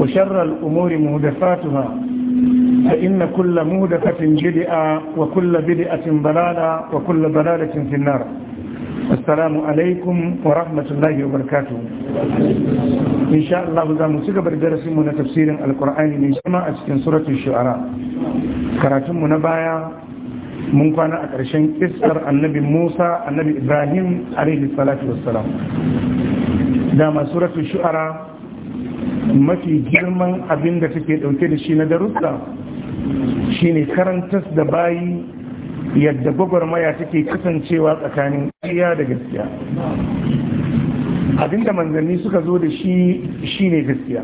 وشر الأمور مهدفاتها فإن كل مهدفة بدئة وكل بدئة ضلالة وكل ضلالة في النار السلام عليكم ورحمة الله وبركاته إن شاء الله ذا مسيقى بردرس من تفسير القرآن من سماء أسكن سورة الشعراء كراتم من بايا mun kwana a ƙarshen iskar annabi musa annabi ibrahim alaihi salatu wassalam dama suratul shu'ara mafi girman abin da take dauke da shi na darussa shi ne karantas da bayi yadda gwagwarmaya take kasancewa tsakanin ƙarya da gaskiya abinda manzanni suka zo da shi shi ne gaskiya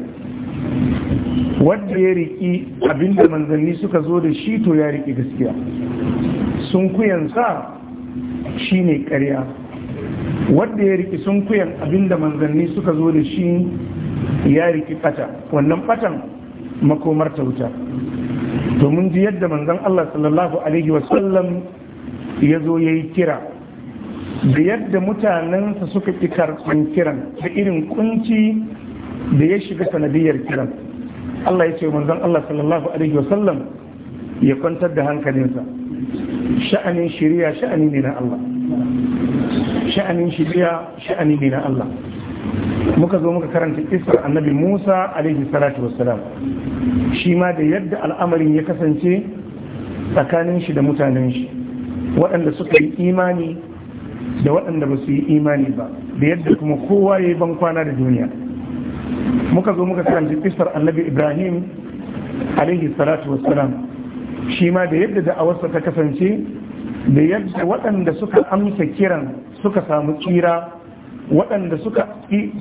wadda ya riki abinda manzanni suka zo da shi to ya riki gaskiya sun kuyansa ne ƙarya wadda ya riki sun kuyan abinda manzanni suka zo da shi ya riki fata wannan fatan makomar ta wuta to mun ji yadda manzon Allah sallallahu alaihi sallam ya zo ya kira da yadda mutanensa suka ki karɓan kiran da irin kunci da ya shiga sanadiyar kiran Allah ya ce manzon Allah sallallahu alaihi wa sallam ya kwantar da hankalinsa sha'anin shari'a sha'anin sha'ani ne na Allah muka zo muka karanta kisar annabi musa alaihi salatu wassalam shi ma da yadda al'amarin ya kasance tsakanin shi da mutanen shi waɗanda suka yi imani da waɗanda ba su yi imani ba da yadda kuma kowa ya yi bankwana da duniya muka zo muka karanta kisar annabi ibrahim alaihi salatu wassalam shi ma da yadda da'awarsa ta kasance da yadda waɗanda suka amsa kiran suka samu tsira waɗanda suka ki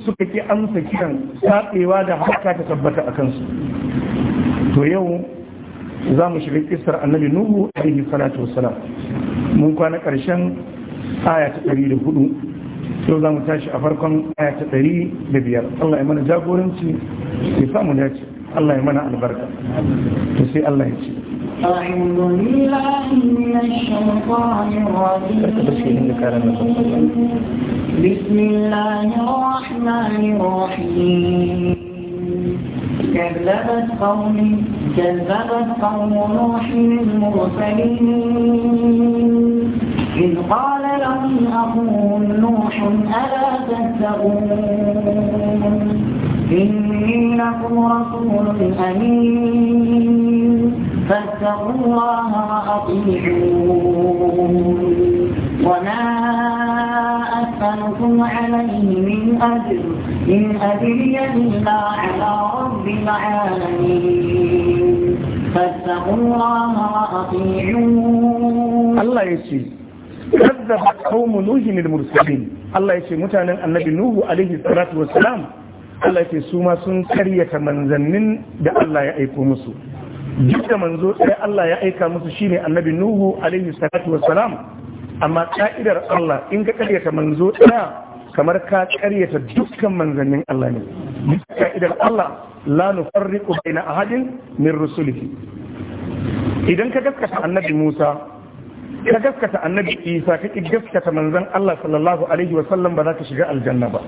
amsa kiran saɓewa da haka ta tabbata a kansu to yau za mu shiga kisar annabi nuhu a yi salatu wassalam mun kwana ƙarshen aya ta ɗari da hudu yau za mu tashi a farkon aya ta ɗari da biyar allah ya mana jagoranci ya samu dace allah ya mana albarka to sai allah ya ce أعوذ بالله من الشيطان الرجيم بسم الله الرحمن الرحيم كذبت قوم كذبت قوم نوح المرسلين إذ قال لهم أخوهم نوح ألا تتقون إني لكم رسول أمين فاتقوا الله وأطيعون وما أحسنكم عليه من أجر إن أجري إلا على رب العالمين فاتقوا الله وأطيعون الله يسير كذب قوم نوح المرسلين الله يسير متانا النبي نوح عليه الصلاة والسلام Allah ke su ma sun karyata manzannin da Allah ya aiko musu duk da manzo ɗaya Allah ya aika musu shine annabi Nuhu alaihi salatu amma ka'idar Allah in ka karyata manzo ɗaya kamar ka karyata dukkan manzannin Allah ne bisa ka'idar Allah la nufarriqu baina ahadin min rusulihi idan ka gaskata annabi Musa ka gaskata annabi Isa ka ƙi gaskata manzan Allah sallallahu alaihi wa ba za ka shiga aljanna ba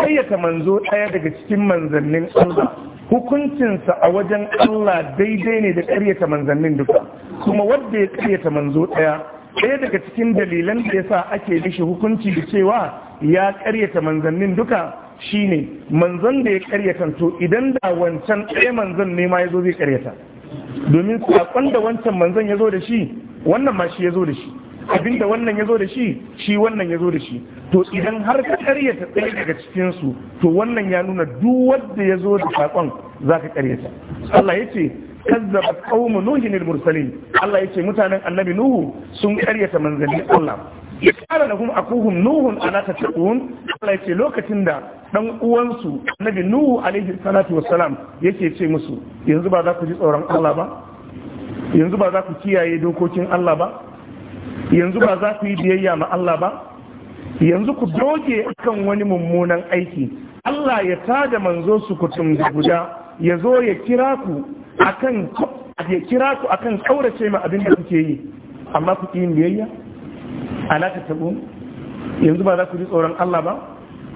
karyata manzo ɗaya daga cikin manzannin Allah hukuncinsa a wajen Allah daidai ne da ƙaryata manzannin duka kuma wadda ya karyata manzo ɗaya ɗaya daga cikin dalilan da ya sa ake mishi hukunci da cewa ya karyata manzannin duka shine manzon da ya karyata to idan da wancan ɗaya manzon ne ma yazo zai karyata domin saƙon da wancan manzon ya zo da shi wannan ma shi ya zo da shi abinda wannan ya zo da shi shi wannan ya zo da shi to idan har ka karyata ɗaya daga cikinsu to wannan ya nuna duk wanda ya zo da saƙon za ka karyata Allah ya ce kazzabat qaumu nuhin al-mursalin Allah yace mutanen annabi nuhu sun karyata manzanni Allah ya kara da kuma akuhum nuhun ala tattaqun Allah yace lokacin da dan uwansu annabi nuhu alaihi salatu wassalam yake ce musu yanzu ba za ku ji tsoron Allah ba yanzu ba za ku kiyaye dokokin Allah ba yanzu ba za ku yi biyayya ma Allah ba yanzu ku doge kan wani mummunan aiki Allah ya tada manzo su kutum guda ya zo ya kira ku akan ya kira ku akan kaurace ma abin da kuke yi amma ku yi biyayya ala ta tabu yanzu ba za ku ji tsoron Allah ba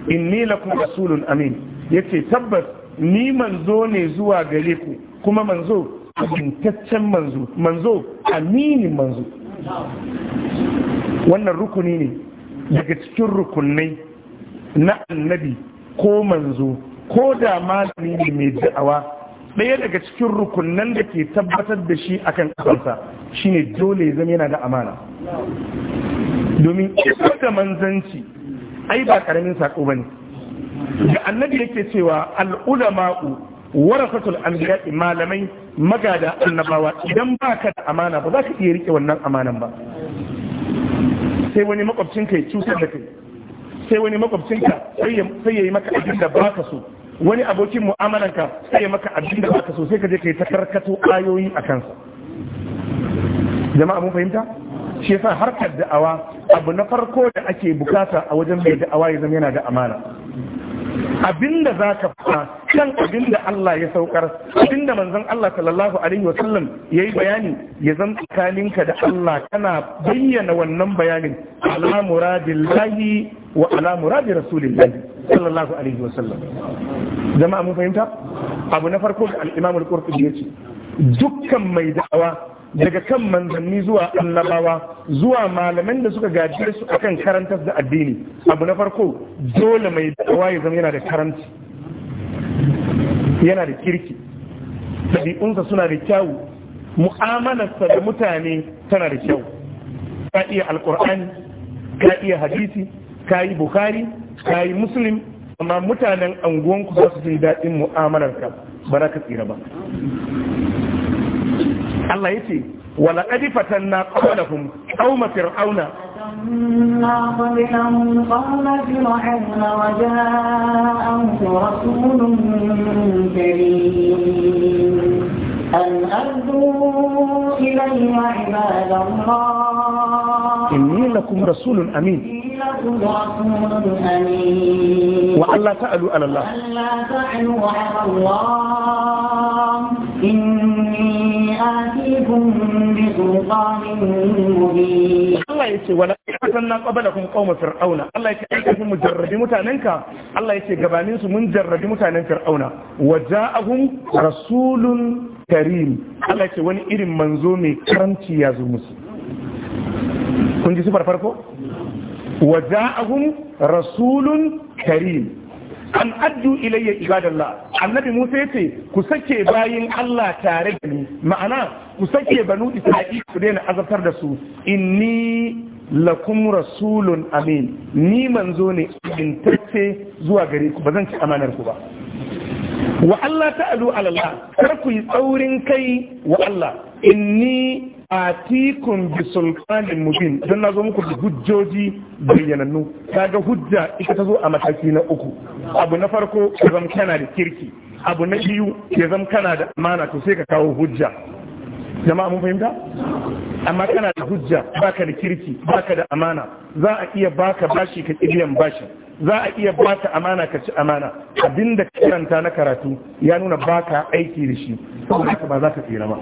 inni lakum rasulun amin yace tabbas ni manzo ne zuwa gare ku kuma manzo abintaccen manzo manzo aminin manzo wannan rukuni ne daga cikin rukunai na annabi ko manzo ko da malami ne mai da'awa ɗaya daga cikin rukunan da ke tabbatar da shi akan ƙasarsa shine dole ya zama yana da amana domin isar da manzanci ai ba ƙaramin saƙo ba ne Ga annabi yake cewa al'ulama'u warasatul anbiya malamai magada annabawa idan ba ka da amana ba za ka iya rike wannan amanan ba sai wani makwabcinka ya cutar da kai sai wani makwabcinka sai ya yi maka abin da ba ka so wani abokin mu'amalanka sai maka abin da baka so sai ka je kai ta karkato ayoyi a kansa jama'a mun fahimta shi yasa harkar da'awa abu na farko da ake bukata a wajen mai da'awa ya zama yana da amana abinda za ka fara kan abinda Allah ya saukar abinda manzon Allah sallallahu alaihi wa sallam yayi bayani ya zan tsakaninka da Allah kana bayyana wannan bayanin ala muradillahi wa ala muradi rasulillahi sallallahu alaihi wa sallam jama'a mun fahimta abu na farko da al-imam al-qurtubi yace dukkan mai da'awa daga kan manzanni zuwa annabawa zuwa malaman da suka gaji su akan karantar da addini abu na farko dole mai da'awa ya zama yana da karanci yana da kirki ɗabi'unsa suna da kyau. mu'amalarsa da mutane tana da kyau ka iya alkur'ani ka iya hadisi ka yi bukari ka yi muslim amma mutanen anguwanku za su jin daɗin mu'amalarka ba ka tsira ba Allah ya ce wala ƙadi fatan na ƙaunahun ƙauma fir'auna أن أردوا إلي عباد الله إني لكم رسول أمين وأن لا تعلوا على الله Allah ya ce wala kasan na qabala kun qauma fir'auna Allah ya ce ai kafin mu jarrabi mutanenka Allah ya ce gabanin su mun jarrabi mutanen fir'auna wa ja'ahum rasulun karim Allah ya ce wani irin manzo mai karanci ya zo musu kun ji sifar farko wa ja'ahum rasulun karim an addu ilayya ibadallah annabi Musa yace ku sake bayin Allah tare da ni ma'ana ku sake banu Isra'ila ku daina azabtar da su inni lakum rasulun amin ni manzo ne in tace zuwa gare ku ba ci amanar ku ba wa Allah ta'alu ala Allah kar ku yi tsaurin kai wa Allah inni atikun bi sultanin mubin don na zo muku da hujjoji bayyanannu kaga hujja ita ta zo a mataki na uku abu na farko ya zama kana da kirki abu na biyu ya zama kana da amana to sai ka kawo hujja jama'a mun fahimta amma kana da hujja baka da kirki baka da amana za a iya baka bashi ka kiriyan bashi. za a iya bata amana ka ci amana abinda kiranta na karatu ya nuna baka aiki da shi saboda ba za ka tsira ba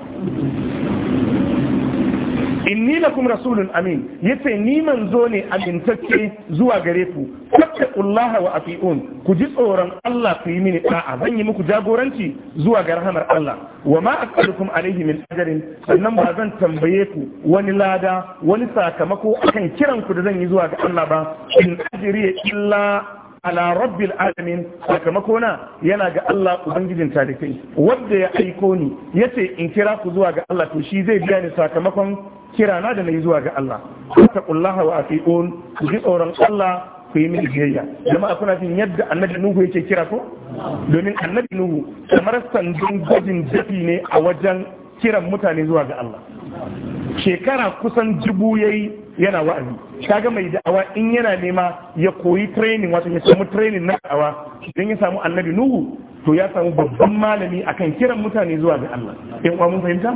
inni lakum rasulun amin yace ni manzo ne amintacce zuwa gare ku fattaqullaha wa atiun ku ji tsoron Allah ku yi mini da'a zan yi muku jagoranci zuwa ga rahamar Allah wa ma akalukum alaihi min ajrin sannan ba zan tambaye ku wani lada wani sakamako akan kiran ku da zan yi zuwa ga Allah ba in ajri illa ala rabbil alamin sakamako na yana ga Allah ubangijin talikai wanda ya aiko ni yace in kira ku zuwa ga Allah to shi zai biya ni sakamakon kira na da nayi zuwa ga Allah taqullaha wa atiun ku ji tsoron Allah ku yi mini biyayya kuma kuna jin yadda annabi nuhu yake kira ko domin annabi nuhu kamar sandun gwajin dafi ne a wajen kiran mutane zuwa ga Allah shekara kusan dubu yayi yana wa'azi kaga mai da'awa in yana nema ya koyi training wato ya samu training na da'awa idan ya samu annabi nuhu to ya samu babban malami akan kiran mutane zuwa ga Allah in uwa mun fahimta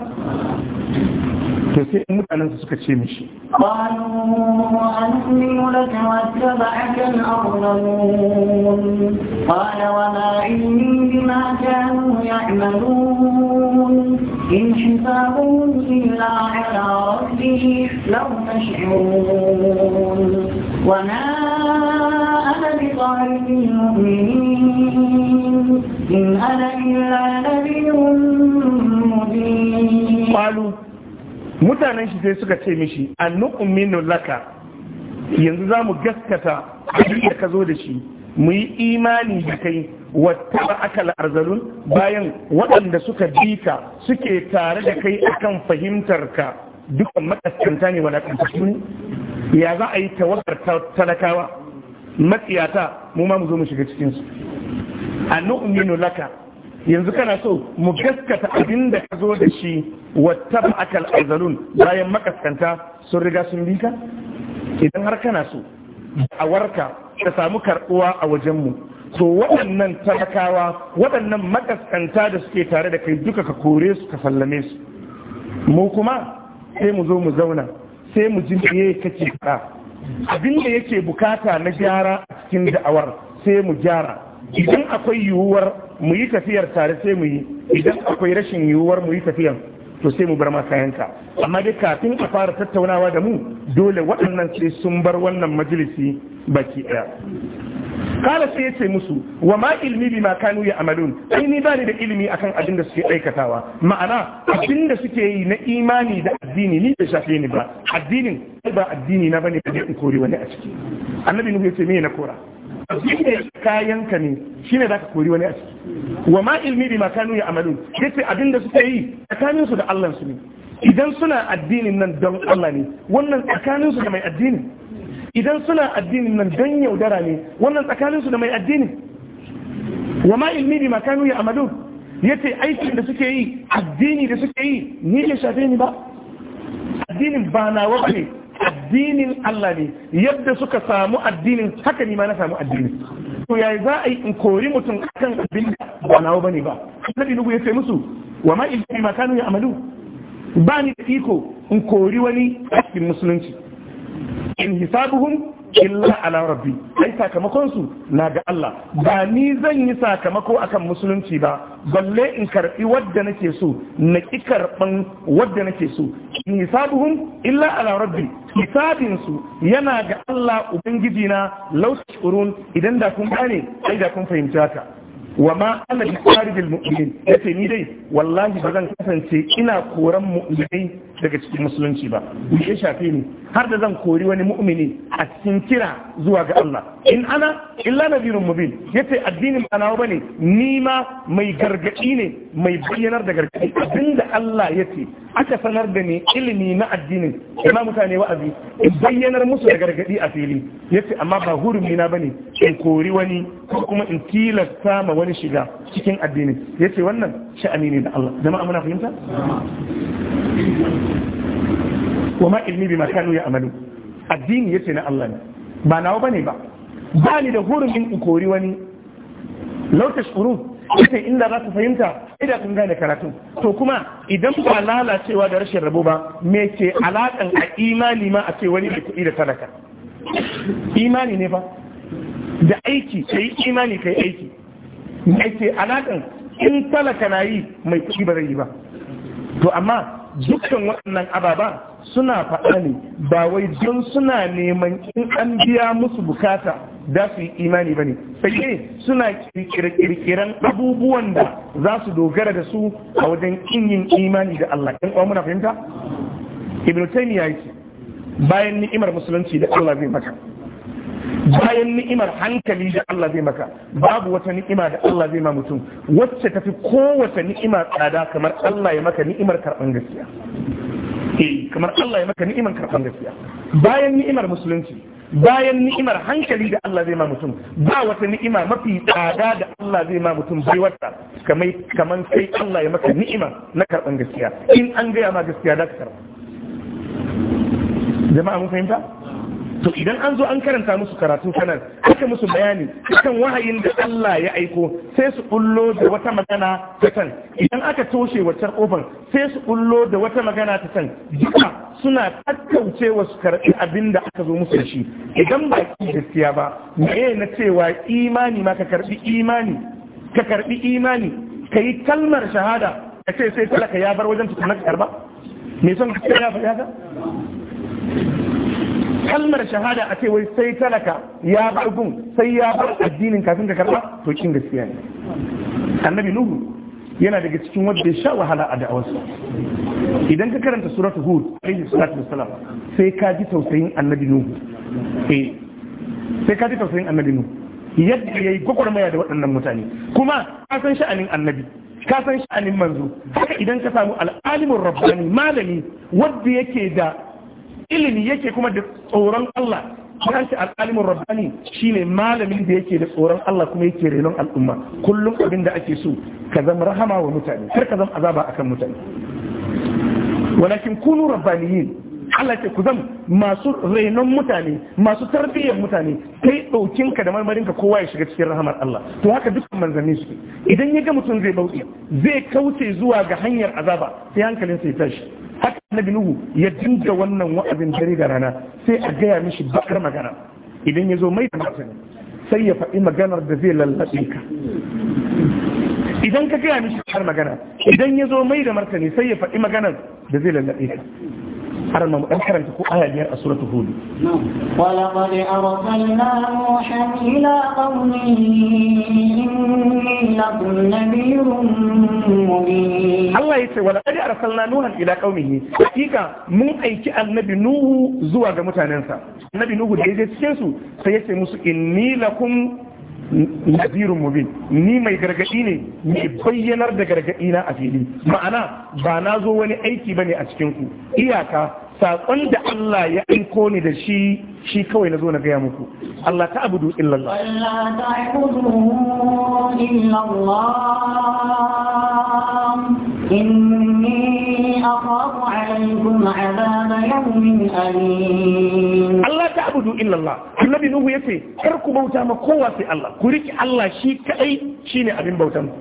to sai mutanen su suka ce mishi قال وما علمي بما كانوا يعملون إن حسابهم إلا على ربه لو تشعرون وما أنا بطارد المؤمنين إن أنا إلا نذير مبين قالوا mutanen shi sai suka ce mishi annu'minu laka yanzu za mu gaskata abin da ka zo da shi mu yi imani da kai wata ba aka arzalun bayan waɗanda suka bi ka suke tare da kai akan fahimtar ka duka makaskanta ne wadatantattu ne ya za a yi tawakar talakawa matsiyata mu ma mu zo mu shiga cikinsu a nu'minu laka yanzu kana so mu gaskata abin da ka zo da shi wata akal azalun bayan makaskanta sun riga sun bi idan har kana so a warka ka samu karɓuwa a wajenmu to waɗannan talakawa waɗannan makaskanta da suke tare da kai duka ka kore su ka sallame su mu kuma sai mu zo mu zauna sai mu ji me kake faɗa abin da yake bukata na gyara a cikin da'awar sai mu gyara idan akwai yiwuwar mu yi tafiyar tare sai mu yi idan akwai rashin yiwuwar mu yi to sai mu bar ma kayanka amma dai kafin a fara tattaunawa da mu dole waɗannan sai sun bar wannan majalisi baki ɗaya kala sai yace musu wa ma ilmi ma kanu ya amalun ai ni bani da ilimi akan abin da suke aikatawa ma'ana abin da suke yi na imani da addini ni bai shafe ni ba addinin ba addini na bane da in kori wani a ciki annabi nuhu ce me na kora shine kayanka ne shine zaka kori wani a ciki wa ma ilmi bi makanu ya amalun yace abinda suka yi tsakanin su da Allah su ne idan suna addinin nan don Allah ne wannan tsakanin su da mai addinin idan suna addinin nan don yaudara ne wannan tsakanin su da mai addinin wa ma ilmi bi makanu ya amalun yace aikin da suke yi addini da suke yi ni ya shafe ni ba addinin ba nawa ba ne? addinin Allah ne yadda suka samu addinin haka ni ma na samu addinin to yayi za a yi in kori mutum akan abin da ba nawo bane ba annabi nugu ya ce musu wa ma ilmi ma kanu ya'malu ba ni da in kori wani cikin musulunci in hisabuhum illa ala rabbi ai sakamakon su na ga Allah ba ni zan yi sakamako akan musulunci ba balle in karbi wadda nake so na ki karban wadda nake so hisabuhum illa ala rabbi hisabin su yana ga Allah ubangiji na law idan da kun gane sai da kun fahimta ka wa ma ana bi kharijil mu'minin yace ni dai wallahi zan kasance ina koran mu'minai daga cikin musulunci ba ni ya shafe ni har da zan kori wani mu'mini a cikin kira zuwa ga Allah in ana illa nabirun mubin yace addinin ba nawa bane ni ma mai gargadi ne mai bayyanar da gargadi abinda Allah yace aka sanar da ni ilimi na addinin ina mutane wa'azi in bayyanar musu da gargadi a fili yace amma ba hurumi na bane in kori wani ko kuma in tilasta ma wani shiga cikin addinin yace wannan sha'ani ne da Allah jama'a muna fahimta wa ma ilmi bi makanu ya amalu addini yace na Allah ne ba nawa bane ba ba ni da hurumin in kori wani law tashkurun yace inda za ka fahimta idan kun gane karatu to kuma idan ba lalacewa da rashin rabo ba me ce alakan a imani ma a ce wani da kuɗi da talaka imani ne ba da aiki yi imani yi aiki me ce alakan in talaka na yi mai kuɗi ba zai yi ba to amma dukkan waɗannan ababa suna faɗa ne ba wai don suna neman in an biya musu bukata za su yi imani ba ne sai suna kirkiran abubuwan da za su dogara da su a wajen in yin imani da Allah in muna fahimta ibn taymiya yake bayan ni'imar musulunci da Allah zai maka bayan ni'imar hankali da Allah zai maka babu wata ni'ima da Allah zai ma mutum wacce tafi kowace ni'ima tsada kamar Allah ya maka ni'imar karɓar gaskiya eh kamar Allah ya maka ni'imar karfan gaskiya bayan ni'imar musulunci bayan ni'imar hankali da Allah zai ma mutum ba wata ni'ima mafi tsada da Allah zai ma mutum bai wata kamar kaman sai Allah ya maka ni'ima na karban gaskiya in an gaya ma gaskiya da ka jama'a mun fahimta to idan an zo an karanta musu karatu sanar aka musu bayani kan wahayin da Allah ya aiko sai su bullo da wata magana ta can idan aka toshe wacce kofar sai su bullo da wata magana ta can duka suna tattauce su karɓi abin da aka zo musu da shi idan ba ki gaskiya ba me na cewa imani ma ka karɓi imani ka karɓi imani ka yi kalmar shahada ka ce sai talaka ya bar wajen tukunan karba me son ka ya faɗa kalmar shahada a ce wai sai talaka ya bar gun sai ya bar addinin kafin ka karba to kin gaskiya ne annabi nuhu yana daga cikin wanda ya sha wahala a da'awarsa idan ka karanta suratul hud alaihi salatu wassalam sai ka ji tausayin annabi nuhu eh sai ka ji tausayin annabi nuhu yadda yayi gwagwarmaya da waɗannan mutane kuma ka san sha'anin annabi ka san sha'anin manzo haka idan ka samu al'alimin rabbani malami wanda yake da ilimi yake kuma da tsoron Allah shi al'alimin rabbani shine malamin da yake da tsoron Allah kuma yake renon al'umma kullum abin da ake so ka zama rahama wa mutane kar ka zama azaba akan mutane walakin kunu rabbaniyin Allah ce ku zama masu renon mutane masu tarbiyyar mutane kai ɗaukin ka da marmarinka kowa ya shiga cikin rahamar Allah to haka dukkan manzanni su idan ya ga mutum zai bauki zai kauce zuwa ga hanyar azaba sai hankalin sai tashi haka annabi nuhu ya dinga wannan wa'azin dare da rana sai a gaya mishi bakar magana idan ya zo mai da martani sai ya faɗi maganar da zai lallaɓe ka idan ka gaya mishi bakar magana idan ya zo mai da martani sai ya faɗi maganar da zai lallaɓe ka Akwai wani wani karanta ko a yana a sunanta Hulu? Allah yai tsawala. Na ji arha san ila ƙauni ne. mun aiki annabi nuhu zuwa ga mutanen Annabi nuhu da ya je cikin su sai ya ce musu ƙin nila kun na mu bi. Ni mai gargaɗi ne muke bayyanar da na a keɗi. Ma'ana ba na zo wani aiki ba ne a cikin ku iyaka. saƙon da Allah ya aiko ni da shi shi kawai na zo na gaya muku Allah ta abudu illallah Allah ta abudu illallah annabi nuhu ce, kar ku bauta ma kowa sai Allah ku riki Allah shi kai shine abin bautan ku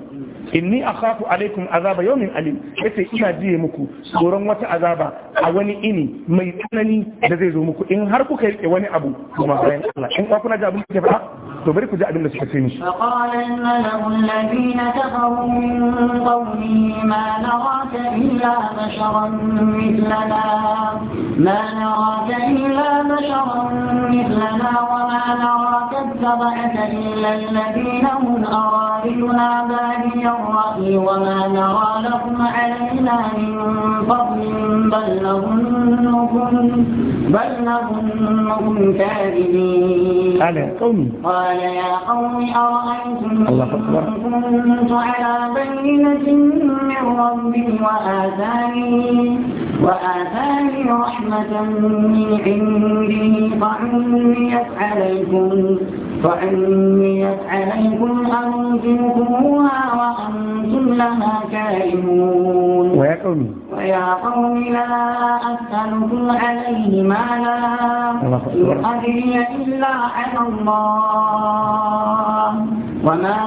inni akhafu alaikum azaba yawmin alim yace ina jiye muku tsoron wata azaba a wani ini mai tsanani da zai zo muku in har kuka rike wani abu kuma bayan Allah in ka kuna ji abin da ke faɗa فقال الملأ الذين كفروا من قومه ما نراك إلا بشرا مثلنا ما نراك إلا بشرا مثلنا وما نراك اتبعك إلا الذين هم أرادلنا بادي الرأي وما نرى لهم علينا من فضل بل لهم بل لهم كاذبين قال قال يا قوم أرأيتم الله كنت على بينة من ربي وآتاني وآتاني رحمة من عنده فعميت عليكم فأميت عليكم أنزلكموها وأنتم لها كارهون ويا قوم ويا قوم لا أسألكم عليه مالا إن أدري إلا على الله وما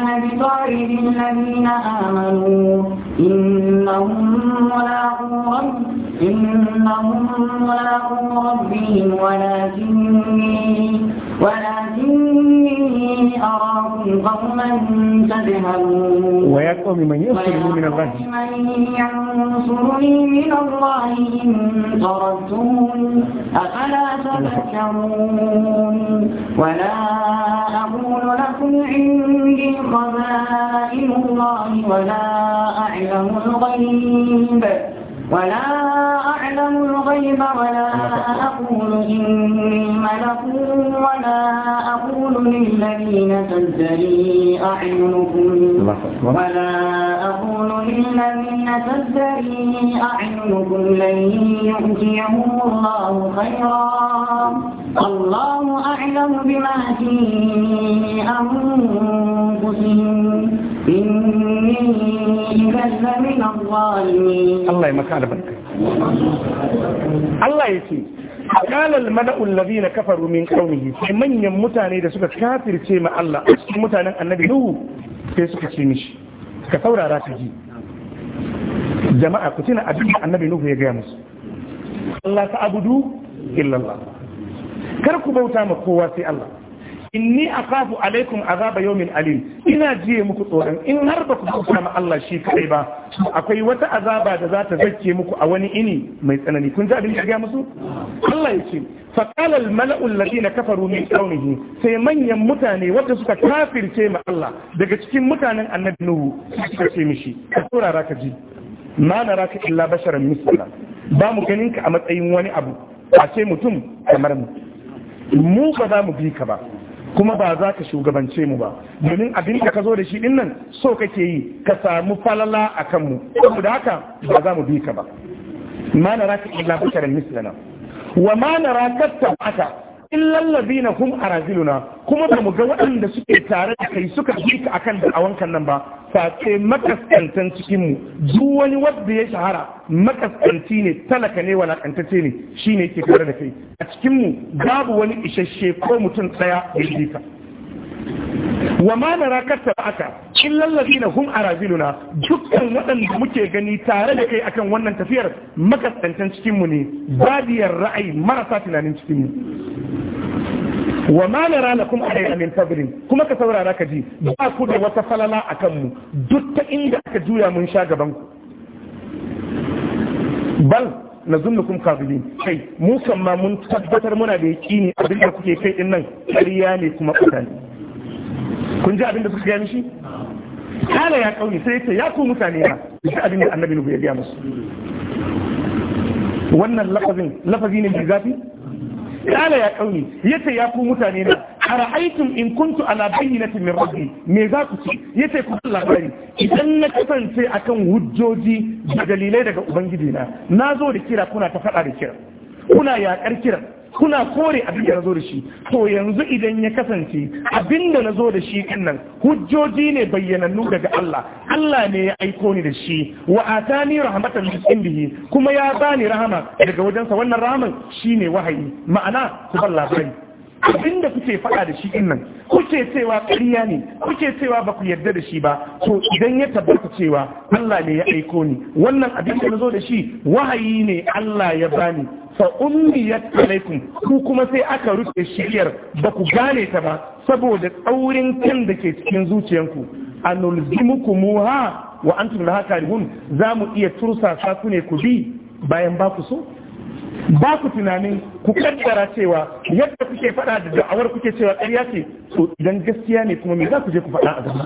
أنا بطارد الذين آمنوا إنهم ملاقو ربهم إنهم ملاقو ربهم ولكني ولكني أراكم قوما تذهبون ويقوم من ينصرني من الله من ينصرني من الله إن طردتم أفلا تذكرون ولا أقول لكم عندي خزائن الله ولا أعلم الغيب ولا أعلم الغيب ولا أقول إني ملك ولا أقول للذين تزدري أعينكم ولا أقول للذين تزدري أعينكم لن يؤتيهم الله خيرا الله أعلم بما في أنفسهم إني إذا لمن الظالمين الله يمكن albarka Allah ya ce kalal mada'ul ladina kafaru min qaumihi sai manyan mutane da suka kafirce ma Allah cikin mutanen annabi Nuhu sai suka ce mishi ka saurara ka ji jama'a ku tuna abin da annabi Nuhu ya gaya musu Allah ta abudu illallah kar ku bauta ma kowa sai Allah inni akhafu alaikum azaba yawmin alim ina jiye muku tsoron in har ba ku bauta ma Allah shi kai ba akwai wata azaba da za ta zakke muku a wani ini mai tsanani kun ji abin da ya musu Allah yake fa qala al mala'u alladhina kafaru min qaumihi sai manyan mutane wanda suka kafirce mu Allah daga cikin mutanen annabi Nuhu suka ce mishi ka saurara ka ji ma naraka illa basharan mislana ba mu ganin ka a matsayin wani abu a ce mutum kamar mu mu ba za mu bi ka ba kuma ba za ka shugabance mu ba domin abin da ka zo da shi din nan so kake yi ka samu falala a kanmu saboda haka ba za mu bi ka ba ma na raka illa bashar mislana wa ma na raka tabata In lallabi na hum araziluna kuma ba mu ga waɗanda suke tare da kai suka bi ka akan da'awan kan nan ba face makaskantan cikin mu duk wani wanda ya shahara makaskanti ne talaka ne kantace ne shine yake tare da kai a cikin mu babu wani isasshe ko mutum tsaya ya bi ka wa ma nara katta aka illal na hum araziluna dukkan waɗanda muke gani tare da kai akan wannan tafiyar makasantan cikin mu ne babiyar ra'ayi marasa tunanin cikinmu. wa ma kuma lakum alayna min kuma ka saurara ka ji ba ku da wata falala a mu duk ta inda aka juya mun sha gaban ku bal nazunnukum kadibin kai mu kan ma mun tabbatar muna da yaqini abin da kuke kai din nan ƙarya ne kuma kutan kun ji abin da kuka gani shi kala ya kauni sai ya ya ku mutane na da abin da annabi nuhu ya gaya musu wannan lafazin lafazi ne mai zafi kala ya kauni yace ya ku mutane na ara'aytum in kuntu ala na min rabbi me za ku ci yace ku labari idan na kasance akan hujjoji da dalilai daga ubangiji na nazo da kira kuna ta fada da kira kuna yakar kira. kuna kore abin da nazo da shi to yanzu idan ya kasance abin da zo da shi din nan hujjoji ne bayyanannu daga Allah Allah ne ya aiko ni da shi wa atani rahmatan min indihi kuma ya bani rahama daga wajensa wannan rahaman shine wahayi ma'ana ku ban labari. abin da kuke faɗa da shi din nan kuke cewa ƙarya ne kuke cewa ba ku yarda da shi ba to idan ya tabbata cewa Allah ne ya aiko ni wannan abin da nazo da shi wahayi ne Allah ya bani fa ummiyat alaikum ku kuma sai aka rufe shiriyar ba ku gane ta ba saboda tsaurin kan da ke cikin zuciyanku anulzimukumuha wa antum laha karihun za mu iya tursa ku ne ku bi bayan ba ku so ba ku tunanin ku kaddara cewa yadda kuke faɗa da da'awar kuke cewa ƙarya ce so idan gaskiya ne kuma me za ku je ku faɗa a gaba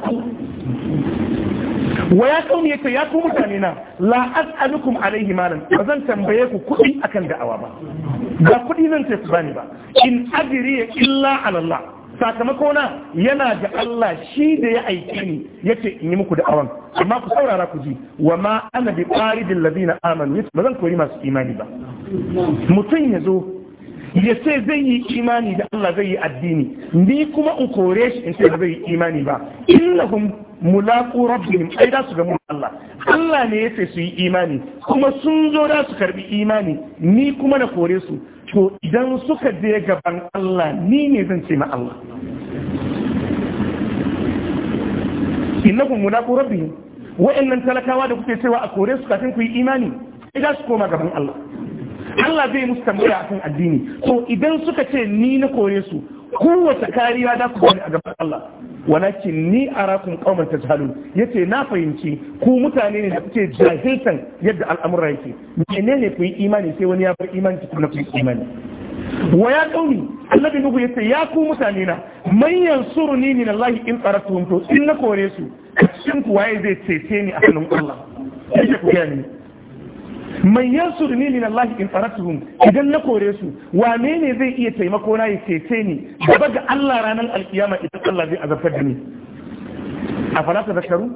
wa ya kauni yace ya ku mutane na la as'alukum alaihi malan ba zan tambaye ku kuɗi akan da'awa ba ga kuɗi zan ce su bani ba in ya illa ala Allah sakamako na yana da Allah shi da ya aike ni yace in yi muku da'awan amma ku saurara ku ji wa ma ana bi qaridil ladina amanu ba zan kori masu imani ba mutum ya zo ya ce zai yi imani da Allah zai yi addini ni kuma in kore shi in ce ba zai yi imani ba innahum mulaqu rabbihim ai da su ga mun Allah Allah ne ya ce su yi imani kuma sun zo da su karbi imani ni kuma na kore su to idan suka je gaban Allah ni ne zan ce ma Allah innahum mulaqu rabbihim wa'annan talakawa da kuke cewa a kore su kafin ku yi imani ai da su koma gaban Allah Allah zai musu tambaya akan addini so idan suka ce ni na kore su kowace kariya za ku gani a gaban Allah walakin ni arakum qauman Ya ce na fahimci ku mutane ne da kuke jahiltan yadda al'amura yake menene ku yi imani sai wani ya bar imani tukuna ku yi imani wa ya kauni annabi nuhu yace ya ku mutane na man yansuruni min lahi in qaratuhum to in na kore su shin ku waye zai cece ni a hannun Allah yake ku gani man yansur ni min Allah in faratuhum idan na kore su wa ne zai iya taimako na ya cece ni gaba ga Allah ranar alkiyama idan Allah zai azabtar da ni a fara da zakaru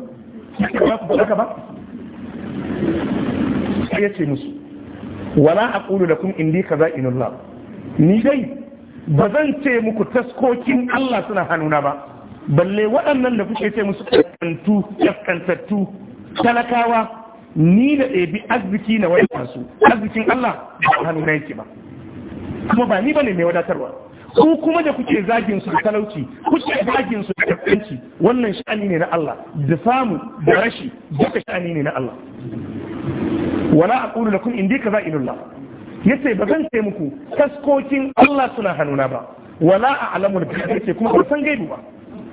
ba ku faɗa ba sai ya ce musu wala aqulu lakum indi kaza inullah ni dai ba zan ce muku taskokin Allah suna hannuna ba balle waɗannan da kuke ce musu kaskantu kaskantattu talakawa ni da ɗabi arziki na wani masu arzikin Allah ba hannu na yake ba kuma ba ni bane mai wadatarwa ko kuma da kuke zagin su da talauci kuke zagin su da kafanci wannan sha'ani ne na Allah da samu da rashi duka sha'ani ne na Allah wala aqulu lakum indi kaza illallah yace ba zan sai muku taskokin Allah suna hannuna ba wala alamu da ce kuma ba san gaibu ba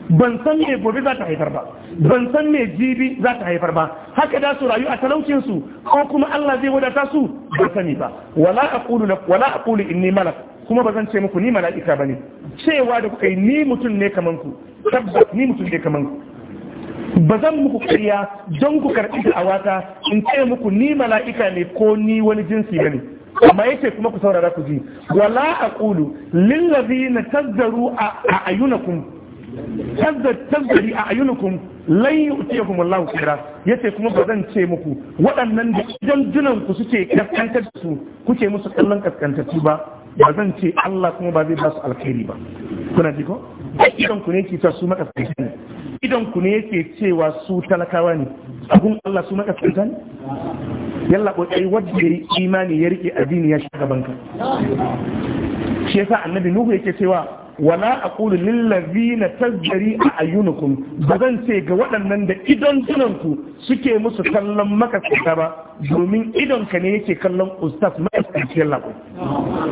ban san me gobe za ta haifar ba ban san me jibi za ta haifar ba haka da su rayu a talaucin su ko kuma Allah zai wadata su ba sani ba wala aqulu wala aqulu inni malak kuma ba zan ce muku ni mala'ika bane cewa da kuka yi ni mutum ne kaman ku tabbas ni mutum ne kaman ku ba zan muku kariya don ku karɓi awata, in ce muku ni mala'ika ne ko ni wani jinsi bane amma yace kuma ku saurara ku ji wala aqulu lil ladina tazzaru a ayunakum tazzari a ayyunukum lan yu'tiyakum Allahu khaira yace kuma ba zan ce muku waɗannan da jandunan ku suke kaskantar su kuke musu kallon kaskantacci ba ba zan ce Allah kuma ba zai ba su alkhairi ba kuna ji ko idan ku ne ke cewa su makaskanta ne idan ku ne yake cewa su talakawa ne abun Allah su makaskanta ne yalla kokari wanda yi imani ya rike addini ya shiga banka shi yasa annabi nuhu yake cewa wala aqulu lil ladina tajri ayunukum ba zan ce ga waɗannan da idan tunanku suke musu kallon makasanta ba domin idon ka ne yake kallon ustaz mai labo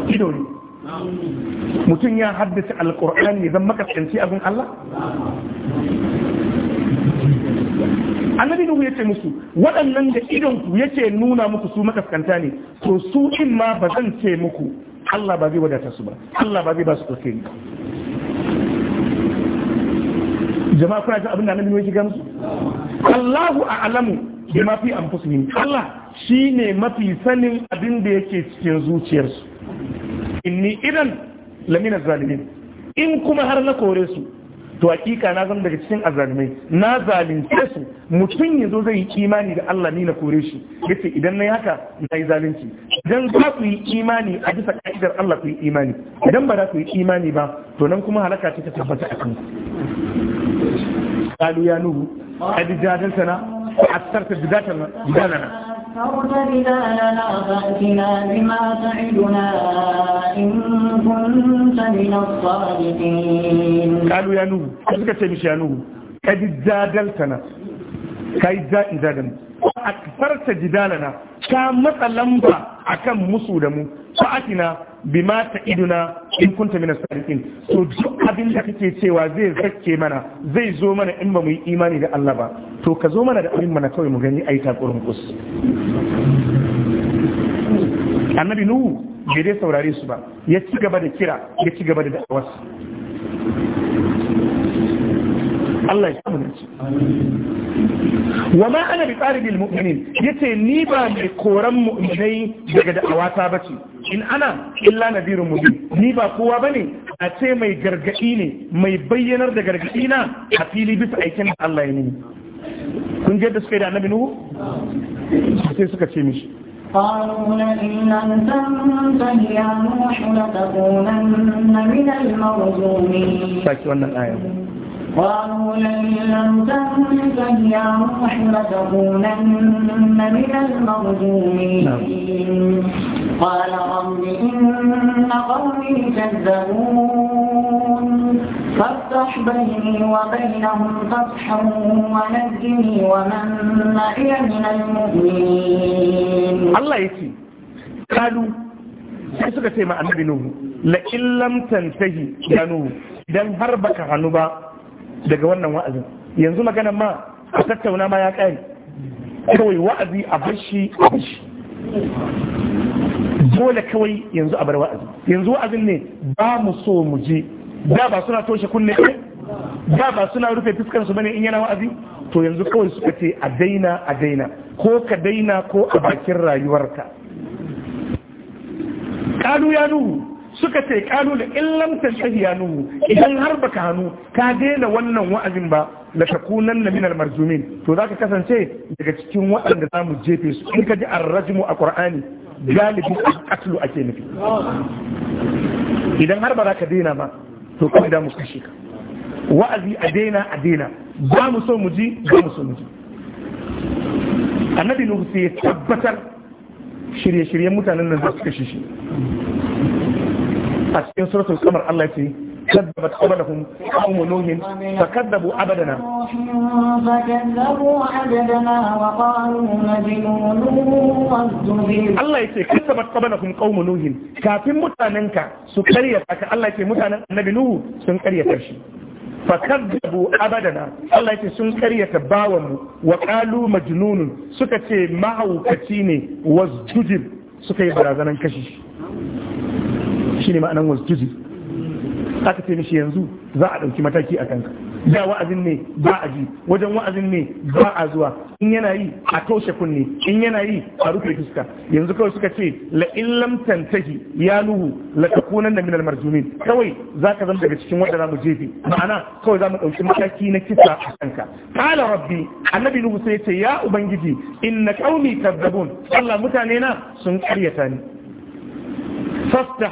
ido ne mutum ya haddace alqur'ani zan makasanci abin Allah annabi nuhu yace musu waɗannan da idon ku yake nuna muku su makaskanta ne to su in ma ba zan ce muku Allah ba zai wadata su ba Allah ba zai ba su alkhairi jama'a kuna ji abin da annabi yake gamsu Allahu a'lamu bima fi anfusihim Allah shine mafi sanin abin da yake cikin zuciyarsu inni idan lamina zalimin in kuma har na kore su to hakika na zan daga cikin azalmai na zalunce su mutum yanzu zai yi imani da Allah ni na kore shi yace idan na haka na yi zalunci idan za ku yi imani a bisa ka'idar Allah ku yi imani idan ba za ku yi imani ba to nan kuma halaka ce ta tabbata a kanku قالوا يا a قد جادلتنا وأثرت بذاتنا بداننا Kawuna gidana na kantina jima'a ta iduna, in ta biya farin Nuhu, kuma suka ce bishiya Nuhu. Ƙadijajal tana, kayi daɗin daɗin mu. A faranta gidanar na, ta matsa lamba akan musu da mu ta asina bimata iduna. in kunta min sadiqin so duk abin da kake cewa zai zakke mana zai zo mana in ba mu yi imani da Allah ba to ka zo mana da abin mana kawai mu gani ai takurin kus annabi nuhu bai dai saurare su ba ya ci gaba da kira ya ci gaba da da'awar Allah ya samu wa ma ana bi bil mu'minin yace ni ba mai koran mu'minai daga da'awata ba ce in ana illa nadirun mubin ni ba kowa bane a ce mai gargadi ne mai bayyanar da gargadi na a fili bisa aikin da Allah ya nemi kun ji da suka yi da annabi nuhu sai suka ce mishi قالوا لئن لم تنته يا نوح لتكونن من المرجومين. قالوا لئن لم تنته يا روح لتكونن من المرجومين نعم. قال رب إن قومي كذبون فافتح بيني وبينهم فتحا ونجني ومن معي من المؤمنين الله يكفي قالوا sai suka ce ma annabi nuhu la illam tantahi اذا هربك عنوبا har baka ba daga wannan wa'azin yanzu magana ma a tattauna ma ya kare kawai wa'azi a bashi a bashi dole kawai yanzu a bar wa'azi yanzu wa'azin ne ba mu so mu je da ba suna toshe kunne da ba suna rufe fuskar su bane in yana wa'azi to yanzu kawai suka ce a daina a daina ko ka daina ko a bakin rayuwarka kalu ya nuhu suka ce kalu da illam tantahi ya idan har baka hannu ka daina wannan wa'azin ba la takunan na minal marjumin to zaka kasance daga cikin waɗanda za mu jefe su in ka ji arrajmu a qur'ani galibi qatlu ake nufi idan har ba za ka daina ba to kai da mu kashe ka wa'azi a daina a daina ba mu so mu ji ba mu so mu ji annabi nuhu sai ya tabbatar shirye-shiryen mutanen nan za su kashe shi a cikin suratul kamar Allah ce كذبت قبلهم قوم نوح فكذبوا عبدنا فكذبوا عبدنا وقالوا مجنون الله يسي كذبت قبلهم قوم نوح كافين متاننك سكرية الله يسي متانن النبي نوح سنكرية ترشي fakaddabu abadana Allah yake sun karyata bawanmu wa qalu majnunun suka ce mahaukaci ne wasjujib suka yi barazanan kashi shine ma'anan wasjuzi aka ce mishi yanzu za a ɗauki mataki a kanka da wa'azin ne ba a ji wajen wa'azin ne ba a zuwa in yana yi a toshe kunne in yana yi a rufe fuska yanzu kawai suka ce la illam tantahi ya nuhu la takunanna min al marjumin kawai zaka zama daga cikin wanda zamu jefe ma'ana kawai zamu dauki mataki na kisa a kanka qala rabbi annabi nuhu sai ya ce ya ubangiji inna qaumi kadzabun Allah mutane na sun karyata ni